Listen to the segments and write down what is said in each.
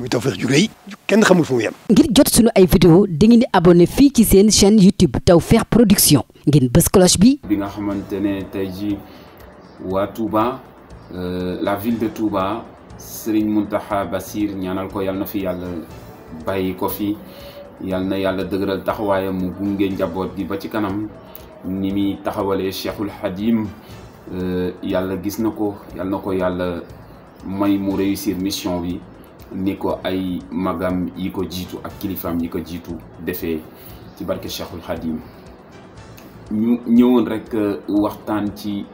muy Tawfekh ju kenn xamul fu mu yem. ngir jot sunu ay vidéo dangeen fii ci seen chaîne YouTube Tawfekh Production ngeen bës cloche bi. bi nga xamante ne tey jii waa Touba euh, la ville de Touba Serigne Mountakha Bassir ñaanal ko yàlla na fi yàlla bàyyi ko fi yàlla na yàlla dëgëral taxawaayam mu njaboot gi ba ci kanam ni muy taxawalee Cheikhul Khadim euh, yàlla gis na ko yàlla na ko yàlla may mu réussir mission bi. ni ko ay magam yi ko jiitu ak kilifaam yi ko jiitu defee ci barke Cheikhul Khadim ñu ñëwoon rek euh, waxtaan ci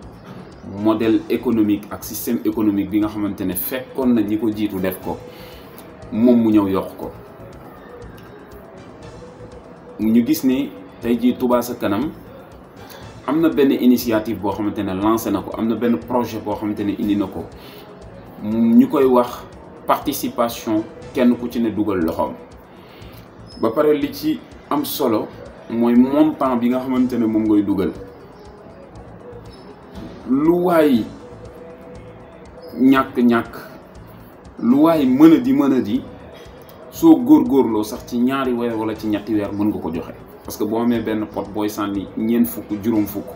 modèle économique ak système économique bi nga xamante ne fekkoon na ñi ko jiitu def ko moom mu ñëw yokk ko ñu gis ni tey jii Touba sa kanam am na benn initiative boo xamante ne lancé na ko am na benn projet boo xamante ne indi na ko ñu koy wax participation kenn ku ci ne dugal loxoom ba pare li ci am solo mooy montant bi nga xamante ne moom ngay dugal lu waay ñàkk-ñàkk lu waay mën a di mën a di soo góorgóorloo sax ci ñaari weer wala ci ñetti weer mën nga ko joxe parce que boo amee benn pot booy sànni ñeent fukk juróom fukk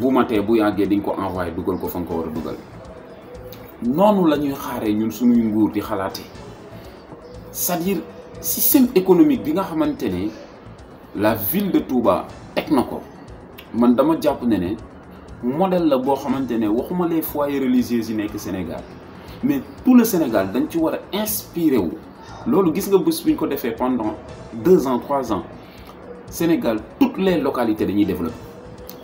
bu matee bu yàggee di nga ko envoyé dugal ko fa nga ko war a dugal noonu la ñuy xaaree ñun suñuy nguur di xalaatee c'est-à-dire système économique bi nga xamante ne la ville de Touba teg na ko man dama jàpp ne ne modèle la boo xamante ne waxuma les foyers religieux yi nekk Sénégal mais tout le Sénégal dañ ci war a inspiré wu. loolu gis nga bés bu ñu ko defee pendant deux ans trois ans Sénégal toutes les localités dañuy développé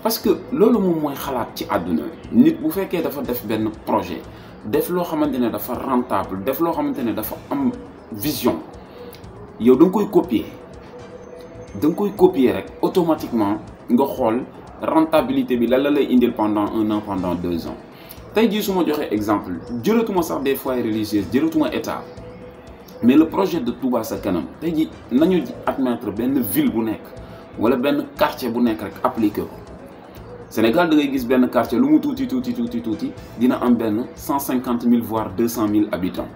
parce que loolu moom mooy xalaat ci àdduna nit bu fekkee dafa def benn projet. def loo xamante ne dafa rentable def loo xamante ne dafa am vision yow da koy copier da nga koy copier rek automatiquement nga xool rentabilité bi lan la lay indil pendant un an pendant deux ans tey jii su ma joxee exemple jëlatuma sax des foyers religieuses jëlatuma état mais le projet de Touba sa kanam tey ji nañu admettre benn ville bu nekk wala benn quartier bu nekk rek appliquer ko. Sénégal da ngay gis benn quartier lu mu tuuti tuuti tuuti tuuti dina am benn cent cinquante mille voire deux cent mille habitants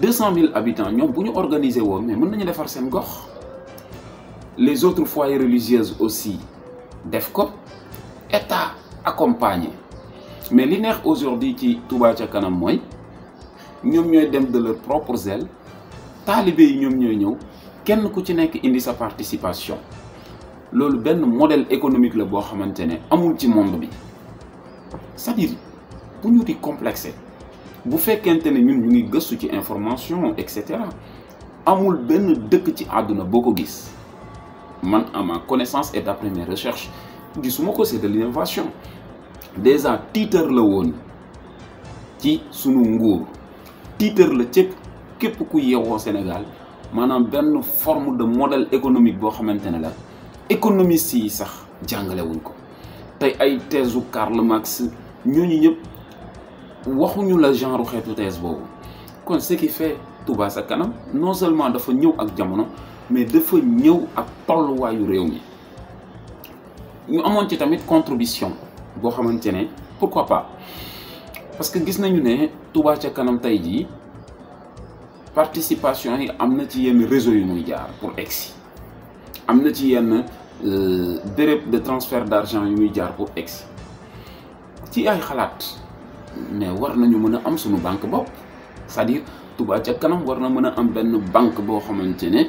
deux cent mille habitants ñoom bu ñu organiser woon mais mën nañu defar seen gox les autres foyers religieuses aussi def ko état accompagné mais li neex aujourd'hui ci Touba ca kanam mooy ñoom ñooy dem de leur propre zèle taalibe yi ñoom ñooy ñëw kenn ku ci nekk indi sa participation loolu benn modèle économique la boo xamante ne amul ci monde bi c'est-à-dire bu ñu di complexé bu fekkente ne ñun ñu ngi gëstu ci information et cetera amul benn dëkk ci àdduna boo ko gis man à ma connaissance et recherche mes recherches gisuma ko c'est de l'innovation déjà tiitar la woon ci sunu nguur tiitar la cëpp képp ku yeewoo Sénégal maanaam benn forme de modèle économique boo xamante ne la économistes yi sax jàngale ko tey ay thèse u Karl Marx ñooñu ñëpp waxuñu la genre xeetu thèse boobu kon ce qui fait Touba sa kanam non seulement dafa ñëw ak jamono mais dafa ñëw ak tolluwaayu réew mi ñu amoon ci tamit contribution boo xamante ne pourquoi pas parce que gis nañu ne Touba ca kanam tey jii participation yi am na ci yenn réseau yu muy jaar pour egsi am na ci yenn euh, béréb de transfert d' yu muy jaar pour egsi ci ay xalaat mais war nañu mën a am suñu banque bopp c'est-à-dire Touba ca kanam war na mën a am benn banque boo xamante ne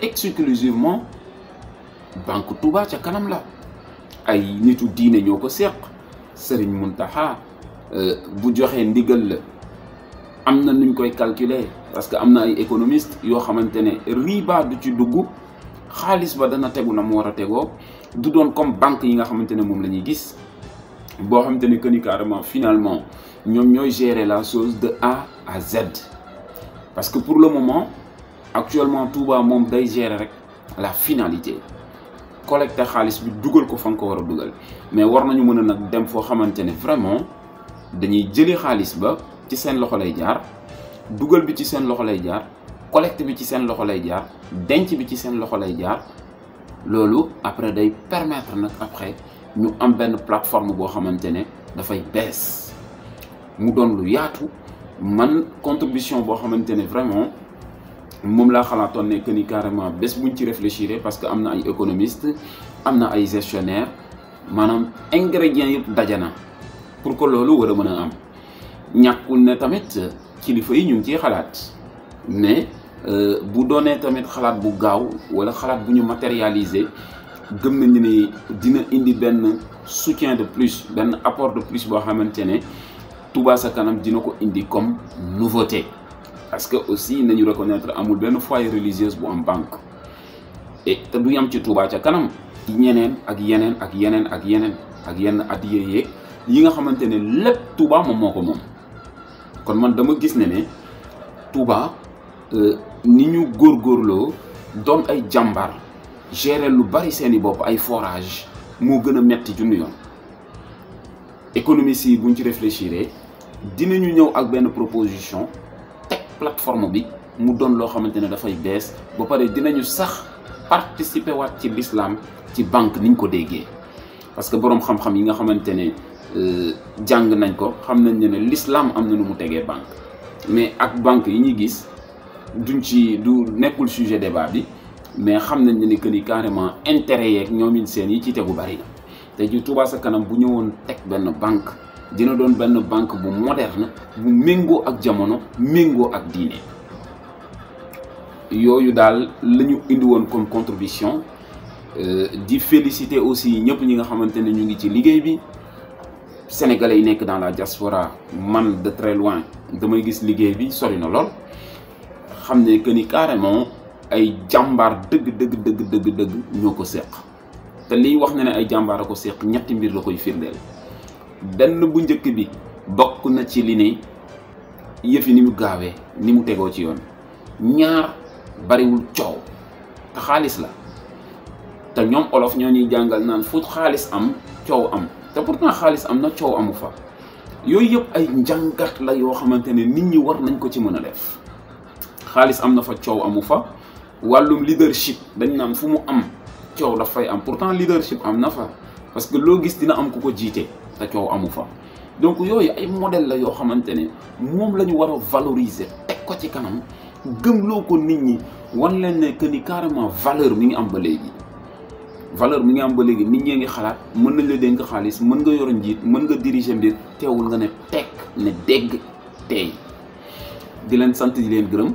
exclusivement banque Touba ca kanam la ay nitu diine ñoo ko seq sëriñ Muntaxa euh, bu joxee ndigal la am na nuñ koy calculer parce que am na ay économistes yoo xamante ne riba du ci dugg xaalis ba dana tegu na mu war a tegoo du doon comme banque yi nga xamante ne moom la ñuy gis boo xamante ne que ni carrément finalement ñoom ñooy gérer la chose de A à Z parce que pour le moment actuellement Touba moom day gérer rek la finalité collecter xaalis bi dugal ko fa nga ko war a dugal mais war nañu mën a nag dem foo xamante ne vraiment dañuy jëli xaalis ba ci seen loxo lay jaar dugal bi ci seen loxo lay jaar. collecte bi ci seen loxo lay jaar denc bi ci seen loxo lay jaar loolu après day permettre nag après ñu am benn plateforme boo xamante ne dafay bees mu doon lu yaatu man contribution boo xamante ne vraiment moom laa xalaatoon ne que ni carrément bés buñ ci réfléchir parce que am na ay économistes am na ay gestionnaires maanaam ingrédients yëpp daje na pour que loolu war a mën a am ñàkkul ne tamit kilifa yi ñu ngi ciy xalaat mais. Euh, bu doonee tamit xalaat bu gaaw wala xalaat bu ñu matérialiser gëm nañu ne dina indi benn soutien de plus benn apport de plus boo xamante ne Touba sa kanam dina ko indi comme nouveauté parce que aussi nañu reconnaître amul benn foyer religieuse bu am banque et te du yam ci Touba ca kanam ñeneen ak yeneen ak yeneen ak yeneen ak yenn addiya yeeg yi nga xamante ne lépp Touba moom moo ko moom kon man dama gis ne ne Touba Euh, ni ñu góor góorloo doon ay jàmbaar gérer lu bari seeni bopp ay forage moo gën a metti junni yoon économistes yi buñ ci réfléchir dinañu ñëw ak benn proposition teg plateforme bi mu doon loo xamante ne dafay bees ba pare dinañu sax participer waat ci l'islam ci banque niñ ko déggee parce que boroom xam-xam yi nga xamante ne euh, jàng nañ ko xam nañ ne ne l'islam am na nu mu tegee banque mais ak banque yi ñuy gis duñ ci du nekkul sujet débat bi mais xam nañ ni que ni carrément intérêt yeeg ñoom it seen yi ci tegu bari na te ji Touba sa kanam bu ñëwoon teg benn banque dina doon benn banque bu moderne bu méngoo ak jamono méngoo ak diine yooyu daal la ñu indi woon comme contribution euh, di féliciter aussi ñëpp ñi nga xamante ne ñu ngi ci liggéey bi sénégale yi nekk dans la diaspora man de très loin damay gis liggéey bi sori na lool xam ne que ni carrément ay jàmbaar dëgg dëgg dëgg dëgg dëgg ñoo ko seq te liy wax na ne ay jàmbaar a ko seq ñetti mbir la koy firndeel benn bu njëkk bi bokk na ci li ne yëf ni mu gaawee ni mu tegoo ci yoon ñaar bariwul coow te xaalis la te ñoom olof ñoo ñuy jàngal naan fu xaalis am coow am te pourtant xaalis am na coow amu fa yooyu yëpp ay njàngat la yoo xamante ne nit ñi war nañ ko ci mën a def xaalis am na fa coow amu fa wàllum leadership dañ naan fu mu am coow daf fay am pourtant leadership am na fa parce que loo gis dina am ku ko jiite te coow amu fa donc yooyu ay modèle la yoo xamante ne moom la ñu war a valoriser teg ko ci kanam gëm loo ko nit ñi war leen ne que ni carrément valeur mi ngi am ba léegi valeur mi ngi am ba léegi nit ñee ngi xalaat mën nañ la dénk xaalis mën nga yor njiit mën nga diriger mbir teewul nga ne tekk ne dégg tey di leen sant leen gërëm